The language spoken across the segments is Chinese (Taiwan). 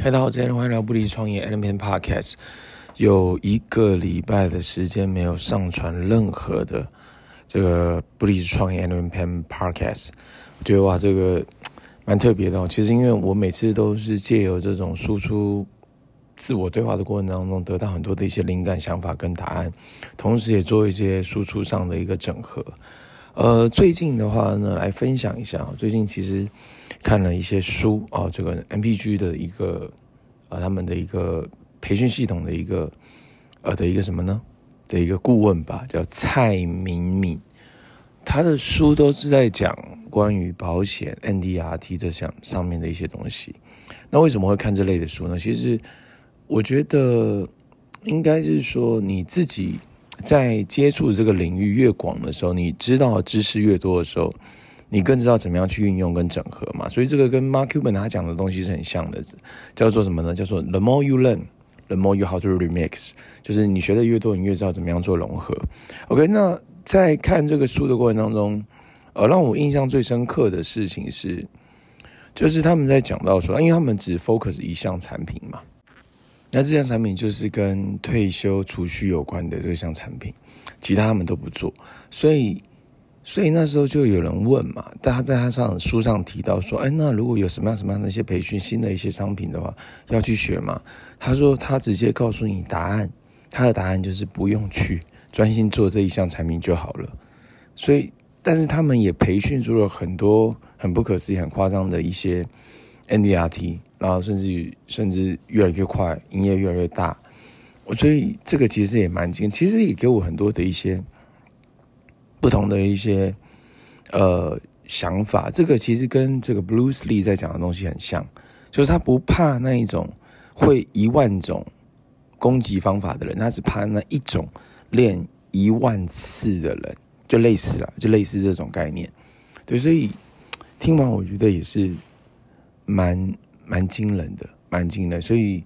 嗨，大家好，今天歡迎來到不離職創業 Allen Peng Podcast。有一個禮拜的時間沒有上傳任何的這個不離職創業 Allen Peng Podcast，我覺得哇，這個蠻特別的。其實，因為我每次都是借由這種輸出自我對話的過程當中，得到很多的一些靈感、想法跟答案，同時也做一些輸出上的一個整合。呃，最近的話呢，來分享一下。最近其實看了一些書啊、呃，這個 MPG 的一個啊、呃，他們的一個培訓系統的一個呃的一個什麼呢？的一個顧問吧，叫蔡敏敏。他的書都是在講關於保險 MDRT 這項上面的一些東西。那為什麼會看這類的書呢？其實我覺得應該是說你自己。在接觸這個領域越廣的時候，你知道知識越多的時候，你更知道怎麼樣去運用跟整合嘛。所以這個跟 Mark Cuban 他講的東西是很像的，叫做什麼呢？叫做 The more you learn, the more you how to remix。就是你學的越多，你越知道怎麼樣做融合。OK，那在看這個書的過程當中，呃，讓我印象最深刻的事情是，就是他們在講到說，因為他們只 focus 一項產品嘛。那這項產品就是跟退休儲蓄有關的這項產品，其他他們都不做，所以，所以那時候就有人問嘛，但他在他上書上提到說，誒，那如果有什麼樣什麼樣的一些培訓，新的一些商品的話，要去學嘛？他說他直接告訴你答案，他的答案就是不用去，專心做這一項產品就好了。所以，但是他們也培訓出了很多很不可思議、很誇張的一些。NDRT，然後甚至於甚至越來越快，營業越來越大。我所以這個其實也蠻驚，其實也給我很多的一些不同的一些呃想法。這個其實跟這個 Bruce Lee 在講的東西很像，就是他不怕那一種會一萬種攻擊方法的人，他只怕那一種練一萬次的人，就類似了，就類似這種概念。對，所以聽完我覺得也是。蠻蠻驚人的，蠻驚人。所以，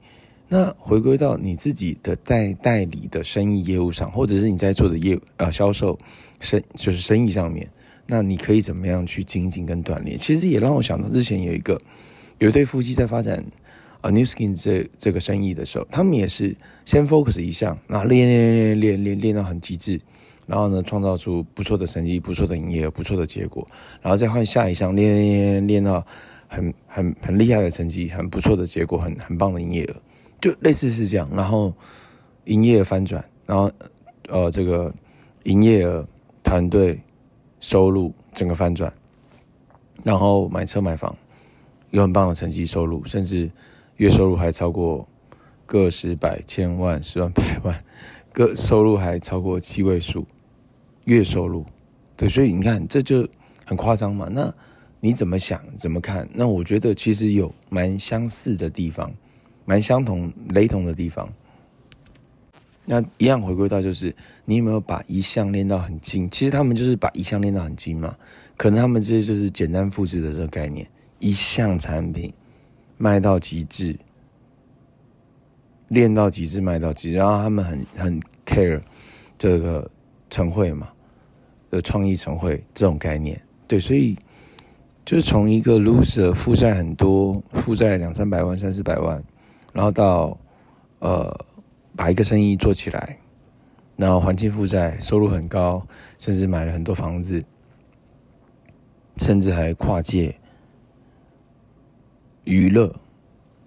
那回歸到你自己的代代理的生意業務上，或者是你在做的業呃銷售生就是生意上面，那你可以怎麼樣去精進跟鍛鍊？其實也讓我想到之前有一個有一對夫妻在發展啊 New Skin 這這個生意的時候，他們也是先 focus 一項，那練練練練練練到很極致，然後呢創造出不錯的成績、不錯的營業、不錯的結果，然後再換下一項練練練到。很很很厲害的成績，很不錯的結果，很很棒的營業額，就類似是這樣。然後，營業翻轉，然後，呃，這個營業額、團隊收入整個翻轉，然後買車買房，有很棒的成績，收入甚至月收入還超過個十百千萬十萬百萬，個收入還超過七位數，月收入。對，所以你看，這就很誇張嘛。那。你怎麼想？怎麼看？那我覺得其實有蠻相似的地方，蠻相同、雷同的地方。那一樣回歸到就是，你有沒有把一項練到很精？其實他們就是把一項練到很精嘛。可能他們這些就是簡單複製的這個概念，一項產品賣到極致，練到極致，賣到極致，然後他們很很 care 這個晨會嘛，的創意晨會這種概念。對，所以。就是從一個 loser 負債很多，負債兩三百萬、三四百萬，然後到，呃，把一個生意做起來，然後還清負債，收入很高，甚至買了很多房子，甚至還跨界娛樂、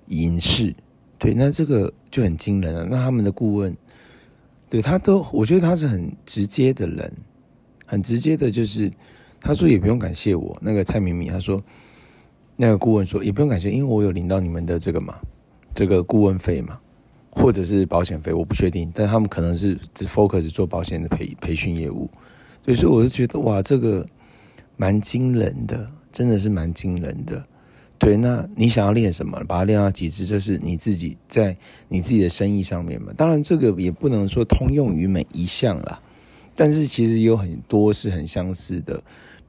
影視。對，那這個就很驚人了。那他們的顧問，對，他都，我覺得他是很直接的人，很直接的，就是。他說也不用感謝我，那個蔡明明他說，那個顧問說也不用感謝，因為我有領到你們的這個嘛，這個顧問費嘛，或者是保險費，我不確定，但他們可能是只 focus 做保險的培培訓業務，所以說我就覺得哇，這個蠻驚人的，真的是蠻驚人的。對，那你想要練什麼，把它練到極致，就是你自己在你自己的生意上面嘛。當然這個也不能說通用於每一項啦，但是其實有很多是很相似的。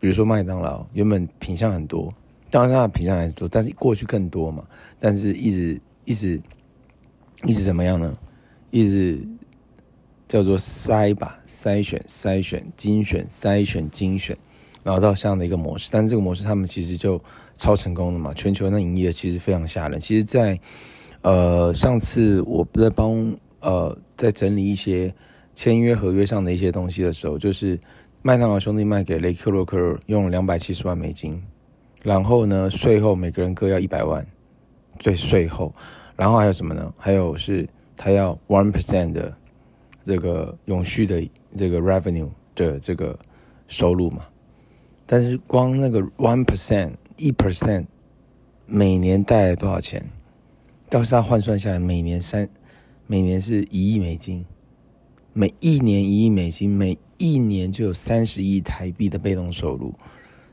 比如說麥當勞，原本品項很多，當然它的品項還是多，但是過去更多嘛。但是一直一直一直怎麼樣呢？一直叫做篩吧，篩選、篩選、精選、篩選、精選，然後到這樣的一個模式。但這個模式他們其實就超成功的嘛，全球那營業其實非常嚇人。其實在，在呃上次我不在幫呃在整理一些簽約合約上的一些東西的時候，就是。麥當勞兄弟賣給雷克洛克用兩百七十萬美金，然後呢，稅後每個人各要一百萬，對，稅後，然後還有什麼呢？還有是他要 one percent 的這個永續的這個 revenue 的這個收入嘛？但是光那個 one percent 一 percent 每年帶來多少錢？倒是他換算下來，每年三，每年是一億美金。每一年一億美金，每一年就有三十億台幣的被動收入，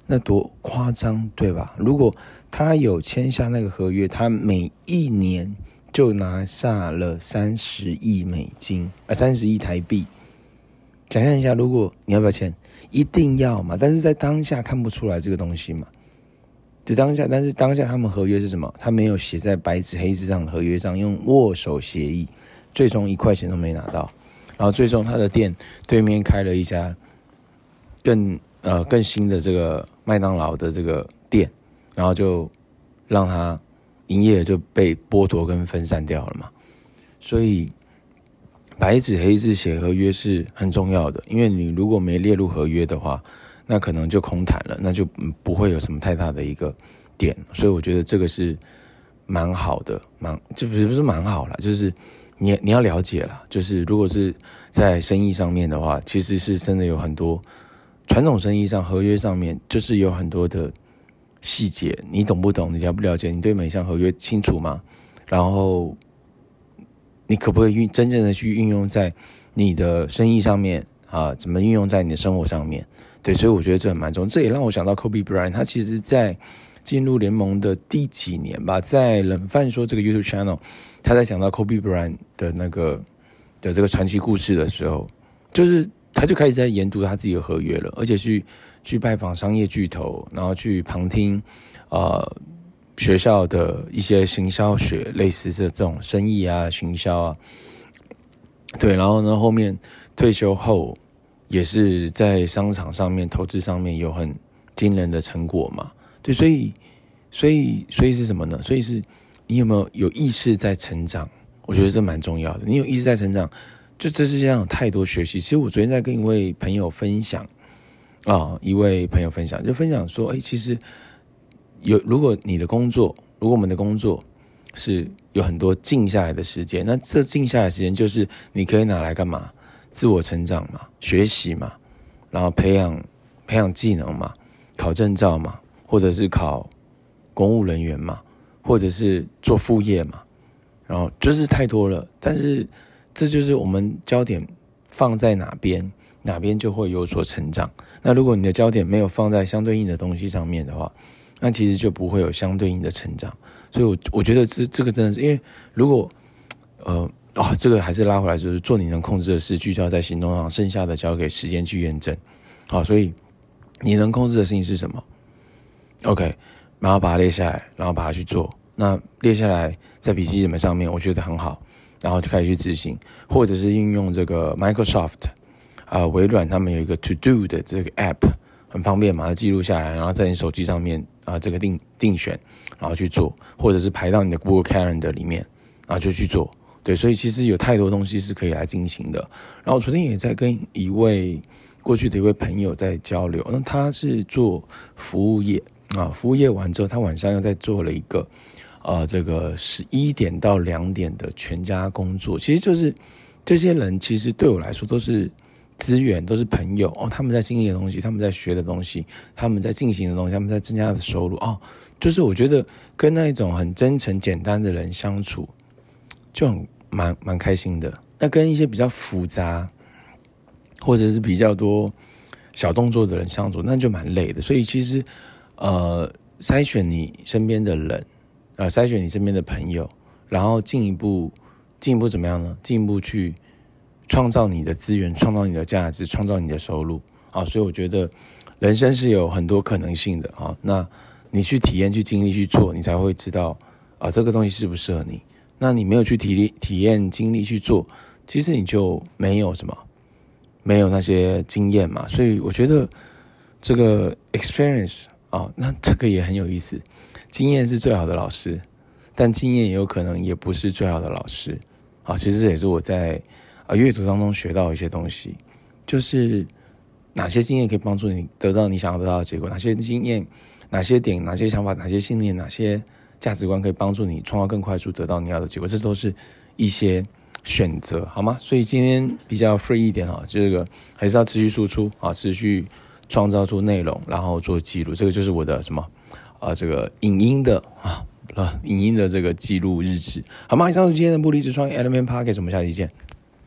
那多誇張，對吧？如果他有簽下那個合約，他每一年就拿下了三十億美金，啊、呃，三十億台幣。想象一下，如果你要不要簽，一定要嘛？但是在當下看不出來這個東西嘛，就當下，但是當下他們合約是什麼？他沒有寫在白紙黑字上的合約上，用握手協議，最終一塊錢都沒拿到。然後最終他的店對面開了一家更呃更新的這個麥當勞的這個店，然後就讓他營業就被剝奪跟分散掉了嘛。所以白紙黑字寫合約是很重要的，因為你如果沒列入合約的話，那可能就空談了，那就不會有什麼太大的一個點。所以我覺得這個是蠻好的，蠻，就不是，不是蠻好了，就是。你你要了解啦，就是如果是，在生意上面的話，其實是真的有很多傳統生意上合約上面，就是有很多的細節，你懂不懂？你了不了解？你對每項合約清楚嗎？然後，你可不可以運真正的去運用在你的生意上面啊？怎麼運用在你的生活上面？對，所以我覺得這很蠻重要，這也讓我想到 Kobe Bryant，他其實，在。進入聯盟的第幾年吧，在冷飯說這個 YouTube channel，他在講到 Kobe Bryant 的那個的這個傳奇故事的時候，就是他就開始在研讀他自己的合約了，而且去去拜訪商業巨頭，然後去旁聽，呃，學校的一些行銷學，類似的這種生意啊，行銷啊，對，然後呢，後面退休後，也是在商場上面投資上面有很驚人的成果嘛。對，所以，所以，所以是什麼呢？所以是，你有沒有有意識在成長？我覺得這蠻重要的。你有意識在成長，就這世界上有太多學習。其實我昨天在跟一位朋友分享啊，哦，一位朋友分享，就分享說，哎，其實有，如果你的工作，如果我們的工作是有很多靜下來的時間，那這靜下來的時間就是你可以拿來幹嘛？自我成長嘛，學習嘛，然後培養培養技能嘛，考證照嘛。或者是考公務人員嘛，或者是做副業嘛，然後就是太多了。但是這就是我們焦點放在哪邊，哪邊就會有所成長。那如果你的焦點沒有放在相對應的東西上面的話，那其實就不會有相對應的成長。所以我，我我覺得這這個真的是，因為如果呃啊、哦，這個還是拉回來，就是做你能控制的事，聚焦在行動上，剩下的交給時間去驗證。好、哦，所以你能控制的事情是什麼？OK，然後把它列下來，然後把它去做。那列下來在筆記什麼上面，我覺得很好，然後就開始去執行，或者是運用這個 Microsoft 啊、呃、微軟他們有一個 To Do 的這個 App，很方便，把它記錄下來，然後在你手機上面啊、呃、這個定定選，然後去做，或者是排到你的 Google Calendar 裡面，然後就去做。對，所以其實有太多東西是可以來進行的。然後我昨天也在跟一位過去的一位朋友在交流，那他是做服務業。啊，服務業完之後，他晚上又在做了一個，呃，這個十一點到兩點的全家工作。其實就是這些人，其實對我來說都是資源，都是朋友哦。他們在經營的東西，他們在學的東西，他們在進行的東西，他們在增加的收入哦。就是我覺得跟那一種很真誠、簡單的人相處，就很蠻蠻開心的。那跟一些比較複雜，或者是比較多小動作的人相處，那就蠻累的。所以其實。呃，篩選你身邊的人，呃，篩選你身邊的朋友，然後進一步，進一步怎麼樣呢？進一步去創造你的資源，創造你的價值，創造你的收入。啊，所以我覺得人生是有很多可能性的。啊，那你去體驗、去經歷、去做，你才會知道啊，這個東西適不適合你。那你沒有去體驗體驗、經歷去做，其實你就沒有什麼，沒有那些經驗嘛。所以我覺得這個 experience。哦，那這個也很有意思，經驗是最好的老師，但經驗也有可能也不是最好的老師。啊、哦，其實這也是我在啊閱讀當中學到一些東西，就是哪些經驗可以幫助你得到你想要得到的結果，哪些經驗，哪些點，哪些想法，哪些信念，哪些價值觀可以幫助你創造更快速得到你要的結果，這都是一些選擇，好嗎？所以今天比較 free 一點啊，這個還是要持續輸出啊，持續。創造出內容，然後做記錄，這個就是我的什麼，呃，這個影音的啊，呃，影音的這個記錄日誌，好嗎？以上是今天的不離職創業 Element Podcast，我們下期見。